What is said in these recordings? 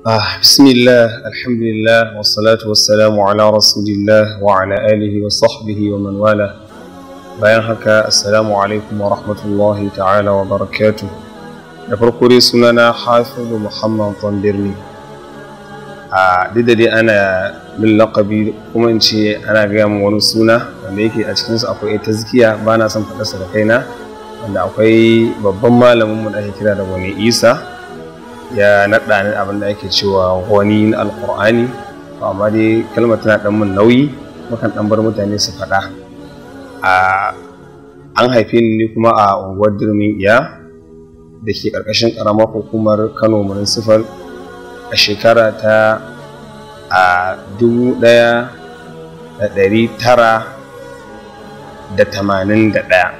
Ah, bismillah, alhamdulillah, wassalatu wassalamu ala rasulillah wa ala alihi wa sahbihi wa man Bayan haka, assalamu alaikum wa rahmatullahi ta'ala wa barakatu. Da farko dai sunana Hafizu Muhammad Tambirni. A ah, duk dai ana min laƙabi kuma in ce ana gaya min wani suna wanda yake a cikinsu akwai tazkiya ba na son faɗa da kaina wanda akwai babban malamin mu da ake kira da wani Isa ya naɗa ni abin da ake cewa wani na alkur'ani to amma dai kalmar tana ɗan mun nauyi mukan ɗan bar mutane su faɗa an haife ni kuma a unguwar dirmin iya da ke ƙarƙashin ƙaramar hukumar kano municipal a shekara ta a dubu ɗaya da ɗari tara da tamanin da ɗaya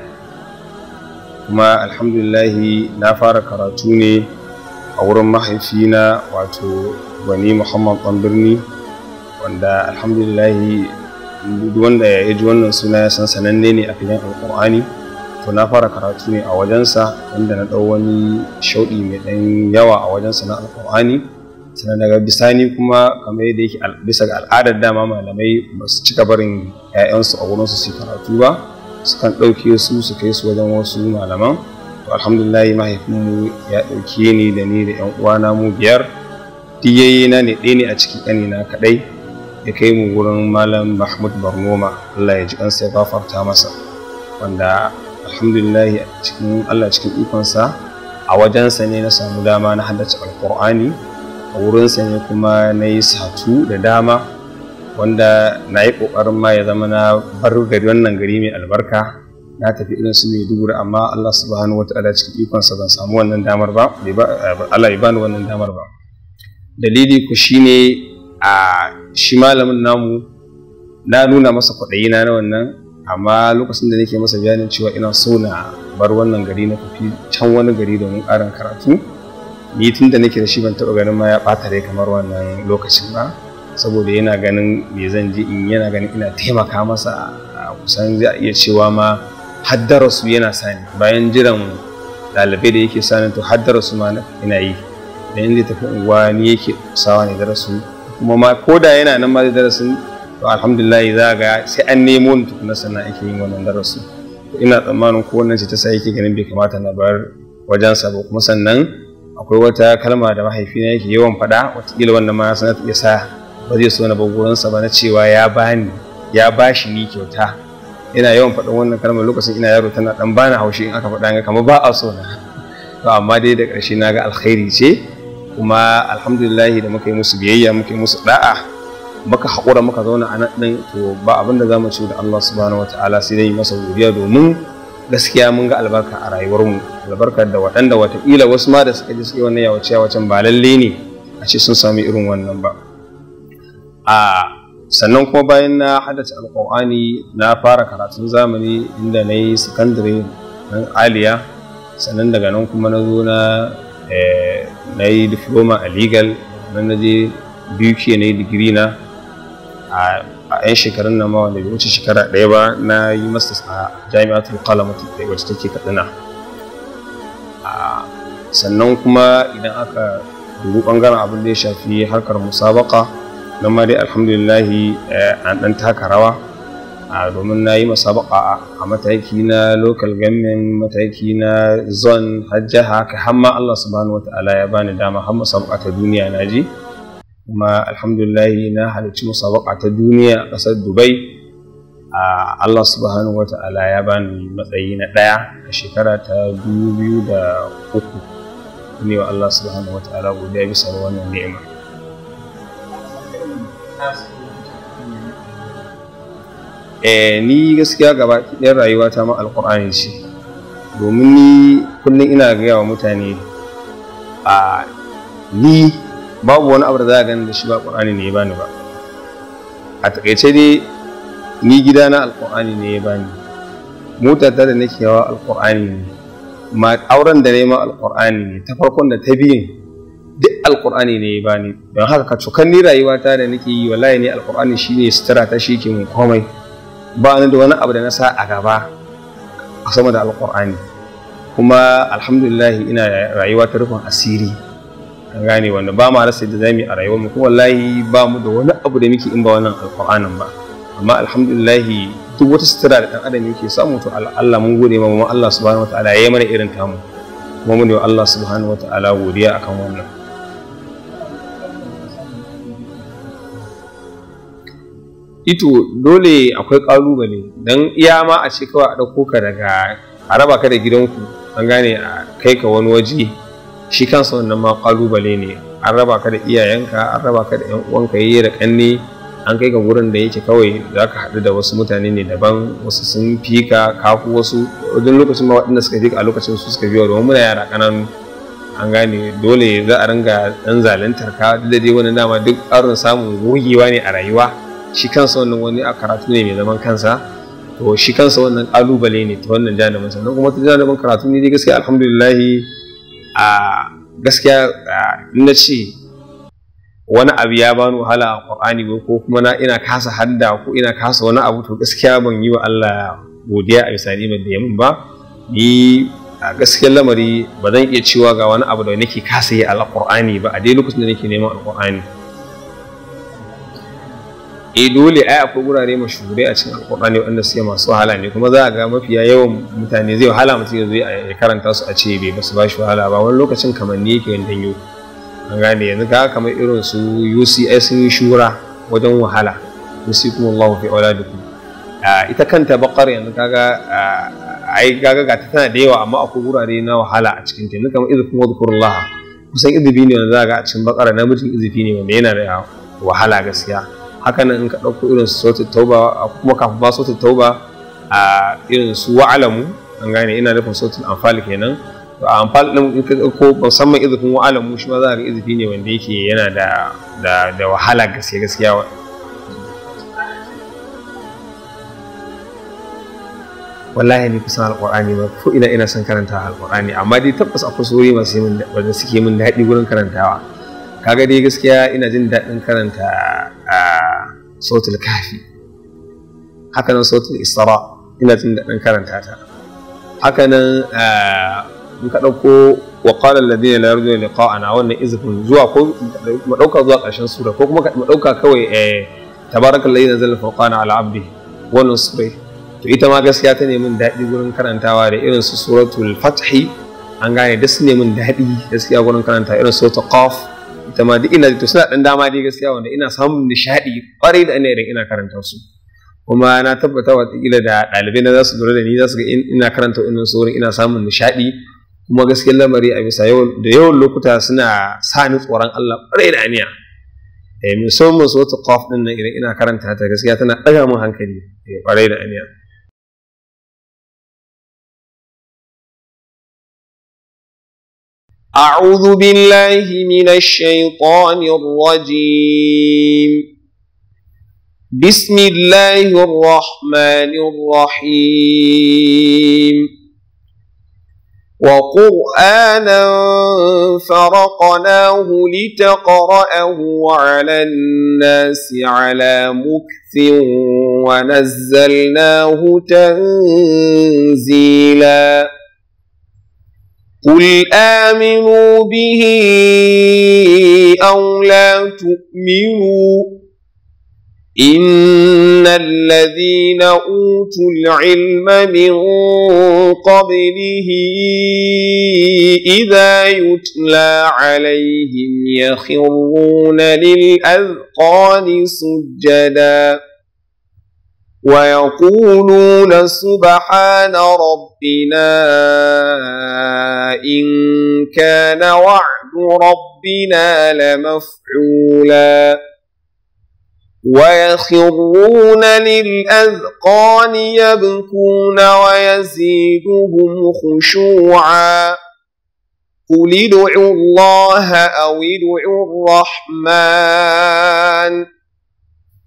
kuma alhamdulillahi na fara karatu ne a wurin mahaifina wato gwani muhammad ɗan birni wanda alhamdulillah wanda ya yi wannan suna ya san sananne ne a filin alƙur'ani to na fara karatu ne a wajensa wanda na ɗau wani shauɗi mai ɗan yawa a wajensa na alƙur'ani sannan daga bisani kuma kamar yadda yake bisa ga al'adar dama malamai masu cika barin 'ya'yansu a wurinsu su karatu ba sukan ɗauke su su kai su wajen wasu malaman mahaifin mahaifinmu ya ɗauke ni da ni da yan uwana mu biyar diyayi na ne ɗaya ne a cikin ƙani na kaɗai ya kai mu wurin malam mahmud barnoma allah ya ji kansa ya gafarta masa wanda a cikin allah cikin ikonsa a wajensa ne na samu dama na haddace alkur'ani a wurinsa ne kuma na yi satu da dama wanda na yi ƙoƙarin ma ya zama na bar gari wannan gari mai albarka na tafi irin su mai dubura amma Allah subhanahu wa ta'ala cikin ikonsa ban samu wannan damar ba Allah ya bani wannan damar ba dalili ku shine a shi malamin namu na nuna masa kwaɗayi na na wannan amma lokacin da nake masa bayanin cewa ina so na bar wannan gari na tafi can wani gari domin ƙarin karatu ni tun da nake da shi ban taɓa ganin ma ya ɓata rai kamar wannan lokacin ba saboda yana ganin me zan ji in yana ganin ina taimaka masa kusan za a iya cewa ma haddarasu yana sani bayan jiran ɗalibai da yake sani to haddarasu ma yana yi da yanzu tafi unguwa ni yake sawa ne darasu kuma ma ko da yana nan ma zai darasin to alhamdulillah za ga sai an nemo ni tukuna sana ake yin wannan darasu ina tsammanin ko wannan ce ta sa yake ganin bai kamata na bar wajensa ba kuma sannan akwai wata kalma da mahaifina yake yawan faɗa watakila wannan ma sanata ya sa ba zai so na bar sa ba na cewa ya bani ya bashi ni kyauta ina yawan faɗin wannan kalmar lokacin ina yaro tana ɗan bani haushi in aka faɗa ga kamar ba a so na to amma dai da ƙarshe na ga alkhairi ce kuma alhamdulillah da muka yi musu biyayya muka yi musu ɗa'a muka haƙura muka zauna a nan ɗin to ba abin da za mu ci da Allah subhanahu ta'ala sai dai masa godiya domin gaskiya mun ga albarka a rayuwarmu albarkar da waɗanda watakila wasu ma da suka ji suke wannan yawace yawacen ba lalle ne a ce sun sami irin wannan ba sannan kuma bayan na haddace alkur'ani na fara karatun zamani inda na yi sakandare na aliya sannan daga nan kuma na zo na eh, yi diploma a legal nan na je BUK na yi digiri na a 'yan shekarun na mawa wanda bai wuce shekara ɗaya ba na yi masters a jami'atul qalamatu wacce take kaduna sannan kuma idan aka dubi bangaren abin da ya shafi harkar musabaka nan ma dai alhamdulillah eh, an dan taka rawa domin na yi masabaka a mataki na local government mataki na zone har jiha ka hamma Allah subhanahu wa ta'ala ya bani dama har musabaka ta duniya na ji kuma alhamdulillah na halarci musabaka ta duniya a ƙasar Dubai a Allah subhanahu wa ta'ala ya bani matsayi na ɗaya a shekara ta biyu biyu da uku ne wa Allah subhanahu wa ta'ala godiya bisa wannan ni'ima eh ni gaskiya gaba ɗayan rayuwa ta ma alƙur'ani ce domin ni kullum ina gaya wa mutane a ni babu wani abu da za a gani da shi ba ƙur'ani ne ya bani ba a taƙaice dai ni gidana alƙur'ani ne ya bani mota ta da nake yawa alƙur'ani ne ma auren da nema alƙur'ani ne ta farkon da ta biyun Alƙur'ani alkur'ani ne ya bani don haka ka cukanni ta da nake yi wallahi ne alkur'ani shine sutura ta shi ke mun komai ba ni da wani abu da na sa a gaba a sama da alkur'ani kuma alhamdulillah ina rayuwa ta rufin asiri an gane wanda ba ma rasa da zamu a rayuwa mu kuma wallahi ba mu da wani abu da muke in ba wannan alkur'anin ba amma alhamdulillah duk wata sutura da dan adam yake samu to Allah mun gode ma Allah subhanahu wataala ya yi mana irin tamu kuma mu ne Allah subhanahu wataala godiya akan wannan ito eh dole akwai kalubale don iya ma a ce kawai a ɗauko ka daga a raba ka da gidanku an gane a kai ka wani waje shi kansa wannan ma kalubale ne an raba ka da iyayenka an raba ka da yan uwanka yayi da kanne an kai ka gurin da yake kawai za ka haɗu da wasu mutane ne daban wasu sun fi ka kafu wasu wajen lokacin ma waɗanda suka fi a lokacin su suka biyo domin muna yara ƙananu an gane dole za a ringa ɗan zalantar ka duk da dai wani dama duk ƙarin samun gogewa ne a rayuwa shi kansa wannan wani a karatu ne mai zaman kansa to shi kansa wannan kalubale ne ta wannan janibin sannan kuma ta janibin karatu ne dai gaskiya alhamdulillah a gaskiya na ce wani abu ya bani wahala a Qur'ani ba ko kuma na ina kasa hadda ko ina kasa wani abu to gaskiya ban yi wa Allah godiya a bisa mai da ya min ba ni a gaskiyar lamari ba zan iya cewa ga wani abu da nake kasa yi a Qur'ani ba a dai lokacin da nake neman al eh dole ai akwai gurare mashuhurai a cikin alkur'ani wanda suke masu wahala ne kuma za a ga mafiya yawan mutane zai wahala mutum ya zo ya karanta su a ce bai basu ba shi wahala ba wani lokacin kamar ne yake wani yau an gane yanzu ka kamar irin su UCS sun yi shura wajen wahala kuma Allahu fi auladikum ita kanta bakar yanzu kaga ai kaga ga tana da yawa amma akwai gurare na wahala a cikin ta yanzu kamar izkum laha. kusan izifi ne wanda za ga a cikin bakar namijin izifi ne wanda yana da wahala gaskiya haka nan in ka ɗauko irin su sautin tauba kuma kafin ba sautin tauba a irin su wa'alamu an gane ina nufin sautin amfal kenan to a amfal ɗin in ka ɗauko musamman izifin wa'alamu shi ma za ga izifi ne wanda yake yana da da da wahala gaskiya gaskiya wallahi ni kusan alƙur'ani ba ko ina ina son karanta alƙur'ani amma dai tabbas akwai sori masu yi wanda suke min daɗi wurin karantawa kaga dai gaskiya ina jin daɗin karanta a sautul kafi haka nan sautul isra ina tun da ɗan karanta ta haka nan eh, in ka ɗauko wa qala alladhina la yarjuna liqa'ana wannan izifin zuwa ko mu ɗauka zuwa ƙarshen sura ko kuma mu ɗauka kawai eh, tabarakallazi nazzala furqana ala abdi wannan sura to ita ma gaskiya ta min daɗi gurin karantawa da irin su suratul fathi an gane da su min daɗi gaskiya gurin karanta irin suratul qaf da duk ina to suna dan dama dai gaskiya wanda ina samun nishadi kwarai da ina idan ina karanta su kuma na tabbata wa kila da dalibai na zasu lura da ni zasu ga ina karanta wannan surun ina samun nishadi kuma gaskiyar lamari a bisa da yawan lokuta suna sa ni tsoron Allah kwarai da aniya eh, musamman su wata kwaf ɗin nan idan ina karanta ta gaskiya tana daga mun hankali kwarai eh, da aniya أعوذ بالله من الشيطان الرجيم بسم الله الرحمن الرحيم وقرآنا فرقناه لتقرأه على الناس على مكث ونزلناه تنزيلاً قل آمنوا به أو لا تؤمنوا إن الذين أوتوا العلم من قبله إذا يتلى عليهم يخرون للأذقان سجداً ويقولون سبحان ربنا إن كان وعد ربنا لمفعولا ويخرون للأذقان يبكون ويزيدهم خشوعا قل ادعوا الله أو ادعوا الرحمن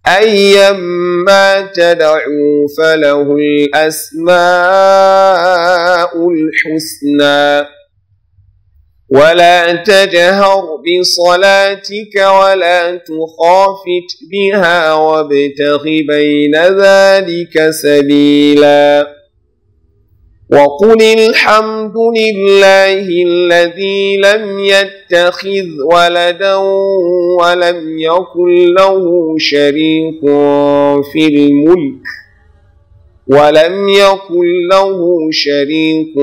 أيما تدعوا فله الأسماء الحسنى ولا تجهر بصلاتك ولا تخافت بها وابتغ بين ذلك سبيلاً وقل الحمد لله الذي لم يتخذ ولدا ولم يكن له شريك في الملك ولم يكن له شريك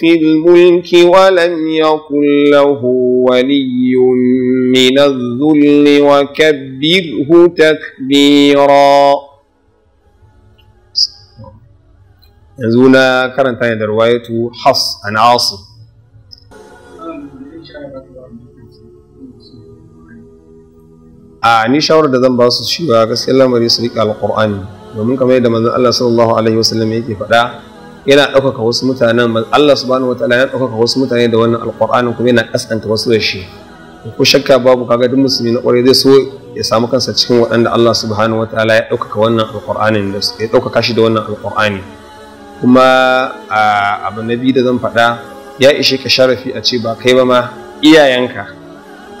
في الملك ولم يكن له ولي من الذل وكبره تكبيرا yanzu na karanta ne da ruwayatu has an asim a ni shawarar da zan ba su shi ba gaskiya lamari su riƙe alƙur'ani domin kamar yadda manzon Allah sallallahu alaihi wasallam yake faɗa yana ɗaukaka wasu mutanen Allah subhanahu wa ta'ala ɗaukaka wasu mutane da wannan alƙur'anin kuma yana ƙasƙanta wasu da shi ko shakka babu kaga duk musulmi na ƙwarai zai so ya samu kansa cikin waɗanda Allah subhanahu wataala ya ɗaukaka wannan alƙur'anin da ya ɗaukaka shi da wannan alƙur'anin kuma abu na biyu da zan faɗa ya ishe ka sharafi a ce ba kai ba ma iyayenka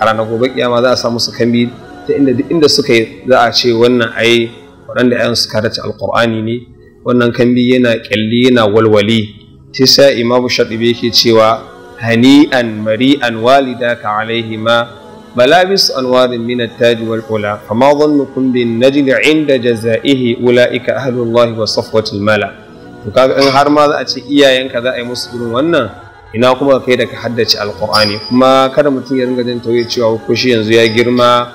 a ranar gobe kiyama za a samu su kambi ta inda duk inda suka yi za a ce wannan ai waɗanda ayan suka dace alƙur'ani ne wannan kambi yana ƙyalli yana walwali ta sa imamu shaɗibe yake cewa hani'an mari'an walidaka alaihima ملابس أنوار من التاج والعلا فما ظنكم بالنجل inda jaza'ihi ula'ika ahlullahi wa safwatul mala. to kaga in har ma za a ce iyayenka za a yi musu irin wannan ina kuma kai da ka haddace alqur'ani kuma kada mutum ya ringa jin tauye cewa ko shi yanzu ya girma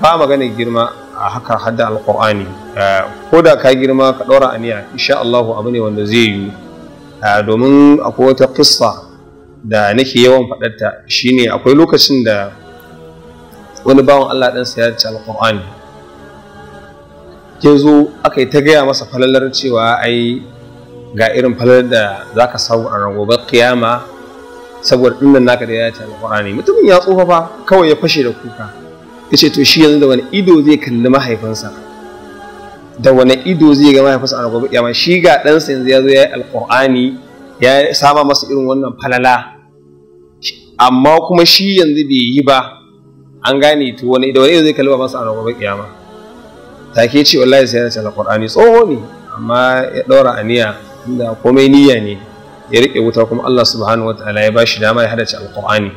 ba magana girma a haka hadda alqur'ani ko da ka girma ka daura aniya insha Allah abu ne wanda zai yi domin akwai wata kissa da nake yawan faɗarta shine akwai lokacin da wani bawan Allah ɗansa ya ci alqur'ani ya zo aka yi ta gaya masa falalar cewa ai ga irin falalar da za ka samu a ragobar kiyama saboda dinnan naka da ya ta ne mutumin ya tsufa fa kawai ya fashe da kuka ya ce to shi yanzu da wani ido zai kalli mahaifinsa da wani ido zai ga mahaifinsa a ragobar kiyama shi ga ɗansa yanzu ya zo ya yi alƙur'ani ya sama masa irin wannan falala amma kuma shi yanzu bai yi ba an gane to wani da wani ido zai kalli mahaifinsa a ragobar kiyama take ce wallahi sai ya alqur'ani tsoho ne amma ya daura aniya inda komai niyya ne ya rike wuta kuma Allah subhanahu wataala ya bashi dama ya hadace alqur'ani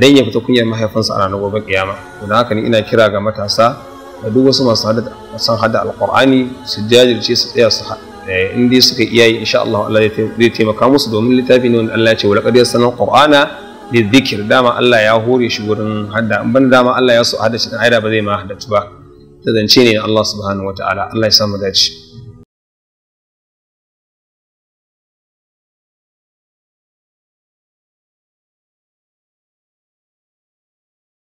dan ya fita kunyar mahaifinsa a ranar gobe kiyama don haka ni ina kira ga matasa da duk wasu masu hada san hada alqur'ani su jajirce su tsaya su eh, in dai suka iya yi insha Allah Allah zai taimaka musu domin littafi ne wanda Allah ya ce wala laqad sanan qur'ana da zikir dama Allah ya hore shi wurin hada in ban dama Allah ya so hada shi dan aida ba zai ma ba da zance ne na Allah subhanahu ta'ala Allah ya samu dace